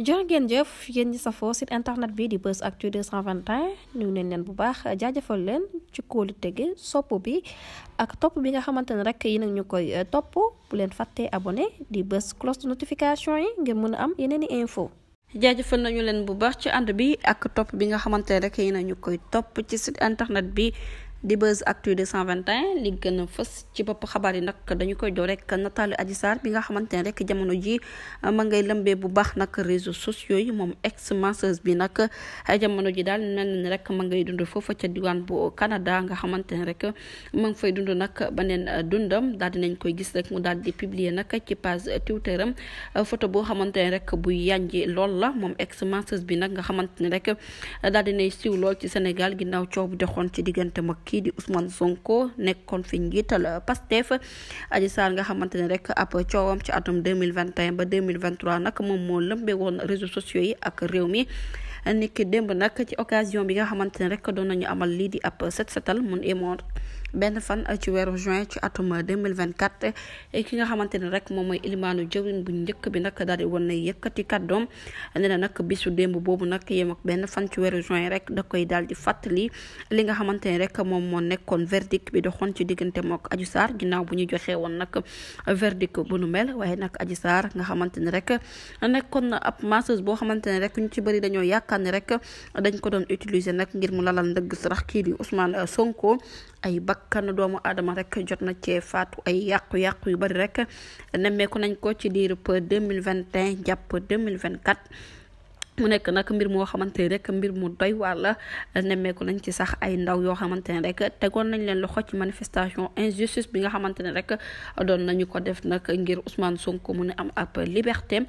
jërë ngeen jëf yéen ñi safoo site internet bi di bës Buzz Actu 221 ñu neen leen bu baax jaajëfal leen ci kóolu tege sopp bi ak topp bi nga xamante ne rek yi nag ñu koy eh, topp bu leen fàttee abone di bës cloche de notification yi ngeen mën a am yeneen i info jaajëfal nañu leen bu baax ci ànd bi ak topp bi nga xamante ne rek yi nañu koy topp ci site internet bi di bës Buzz Actu 221 li gën a fës ci bopp xabaar yi nag dañu koy doo rek nataalu Adji Sarr bi nga xamante ne rek jamono ji ah, ma ngay lëmbee bu baax nag réseaux sociaux yi moom ex masseuse bi nag ah, jamono ji daal mel na ni rek ma ngay dund foofa ca diwaan bu Canada nga xamante ne rek ma ngi fay dund nag beneen ah, dundam daal dinañ koy gis rek mu daal di publier nag ci page Twitter am photo boo xamante ne rek bu yànji lool la moom ex masseuse bi nag nga xamante ne rek daal dinay siiw lool ci Sénégal ginnaaw coow bu doxoon ci diggante mag kii di Ousmane Sonko nekkoon fi njiital euh, Pastef Adji Sarr nga xamante ne rek ab coowam ci vingt 2021 ba deux 2023 nag moom moo lëmbe woon réseaux sociaux yi ak réew mi niki démb nag ci occasion bi nga xamante ne rek doon nañu amal lii di ab set setal mun émoon benn fan ci weeru juin ci atum 2024 ki nga xamante ne rek moom mooy ilimaanu jëwriñ bu njëkk bi nag daal di woon na yëkkati kàddoom nee na nag bisu démb boobu nag yem benn fan ci weeru juin rek da koy daal di fàttali li nga xamante ne rek moom moo nekkoon verdict bi doxoon ci diggante mook Adji Sarr ginnaaw bu ñu joxee woon nag verdict bu nu mel waaye nag Adji Sarr nga xamante ne rek nekkoon na ab masseuse boo xamante ne rek ñu ci bëri dañoo yàq ni rek dañ ko doon utiliser nag ngir mu lalal ndëgg sarax kii di Ousmane Sonko ay bakkan doomu aadama rek jot na cee faatu ay yàqu-yàqu yu bari rek nemmeeku nañ ko ci diirub 2021 jàpp 2024 mu nekk nag mbir moo xamante ni rek mbir mu doy wàlla nemmeeku nañ ci sax ay ndaw yoo xamante ne rek tegoon nañ leen loxo ci manifestation injustice bi nga xamante ne rek doon nañu ko def nag ngir Ousmane Sonko mun a am ab liberté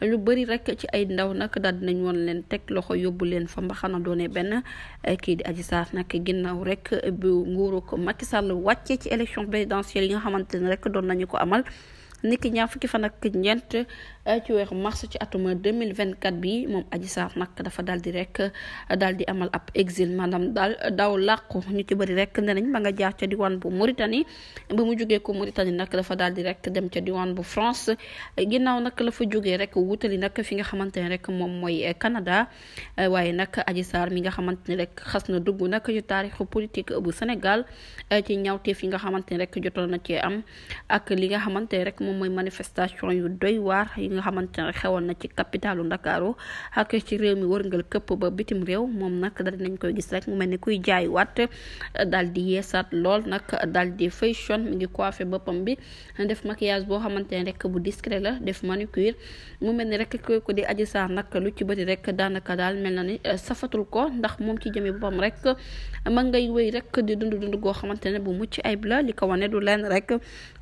lu bëri rek ci ay ndaw nag daal dinañ woon leen teg loxo yóbbu leen fa mbaxana doone benn kii di Adji Sarr nag ginnaaw rek bu nguurug Macky Sall wàccee ci élection présidentielle yi nga xamante ne rek doon nañu ko amal niki ñaar fukki nak ak ñeent eh, ci weex mars ci atum 2024 bi moom Adji Sarr nag dafa daal di rek daal di amal ab exil maanaam daal daw làqu ñu ci bëri rek ne nañ ma nga jaax ca diwaan bu Mauritanie ba mu jugee ko Mauritanie nag dafa daal di rek dem ca diwaan bu France ginnaaw nag la fa jógee rek wutali nag fi nga xamante ne rek moom mooy Canada eh, waaye nag Adji Sarr mi nga xamante ne rek xas na dugg nag ci taarixu politique bu Sénégal eh, ci ñaawteef fi nga xamante ne rek jotoon na cee am ak li nga xamante ne moom mooy manifestation yu doy waar yi nga xamante ne na ci capitalu Ndakaaru ak ci réew mi wërngal këpp ba bitim réew moom nag dal dinañ koy gis rek mu mel ni kuy jaay waat daal di yeesaat lool nag daal di fashion mi ngi coiffé boppam bi def maquillage boo xamante ne rek bu discret la def manucure mu mel ni rek koy ko di Adji Sarr nag lu ci bëri rek daanaka daal mel na ni safatul ko ndax moom ci jëmee boppam rek ma ngay wéy rek di dund dund koo xamante ne bu mucc ayib la li ko wane du leen rek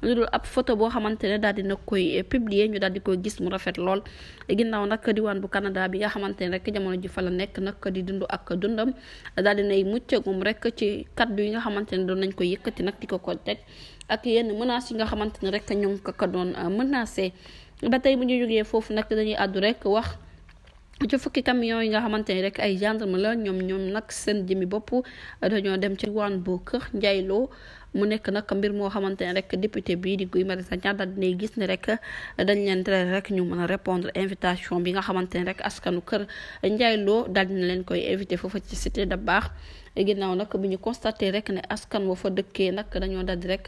lu dul ab photo boo xamante daal di na koy eh, publier ñu daal di koy gis mu rafet lool ginnaaw nag diwaan bu Canada bi nga xamante ne rek jamono ji fa la nekk nag di dund ak dundam daal di nay mucc moom rek ci kaddu yi nga xamante ne doon nañ ko yëkkati nag di ko ko teg ak yenn menaces yi nga xamante ne rek ñoom ko ko doon eh, menacé ba tey bu ñu jógee foofu nag dañuy àddu rek wax. ci fukki camion yi nga xamante ni rek ay gendarme la ñoom ñoom nag seen jëmi bopp dañoo dem ci waan bu kër njaayloo mu nekk nag mbir moo xamante ne rek député bii di Guy Marius Sagna daal dinay gis ne rek dañ leen tere rek ñu mën a répondre invitation bi nga xamante ne rek askanu kër Ndiaye Lo daal dina leen koy invité foofu ci cité de baax ginnaaw nag bi ñu constaté rek ne askan woo fa dëkkee nag dañoo daldi rek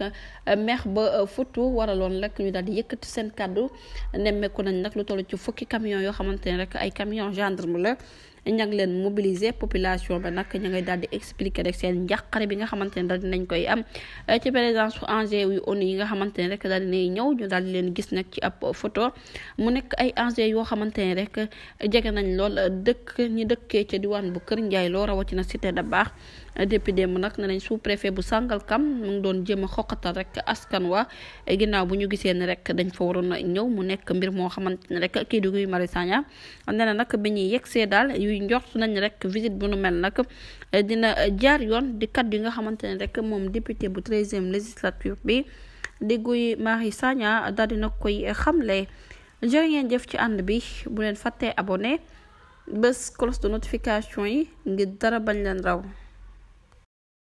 meex ba futu waraloon rek ñu daal di yëkkati seen kàddu nemmeeku nañ nag lu toll ci fukki camion yoo xamante ne rek ay camion gendre gendarme la ñag leen mobiliser population ba nag ñu ngay daal di expliquer rek seen njàqare bi nga xamante ne daal dinañ koy am euh, ci présence su engins yu ONU yi nga xamante ne rek daal nay ñëw ñu daal di leen gis nag ci ab photo mu nekk ay engins yoo xamante ne rek jege nañ lool dëkk ñi dëkkee ci diwaan bu Kër Njaay loo rawatina cité da baax depuis démb nag ne nañ su préfet bu Sangalkam mu ngi doon jéem a xoqatal rek askan wa ginnaaw bu ñu gisee ne rek dañ fa waroon a ñëw mu nekk mbir moo xamante ne rek kii di Guy Marius Sagna nee na nag bi ñuy yegsee daal yuy njort nañ rek visite bu nu mel nag dina jaar yoon di kat nga xamante ne rek moom député bu treizième législature bi di Guy Marius Sagna daal dina koy xamle jërë ngeen jëf ci ànd bi bu leen fàttee abonné bés cloche de notification yi ngir dara bañ leen raw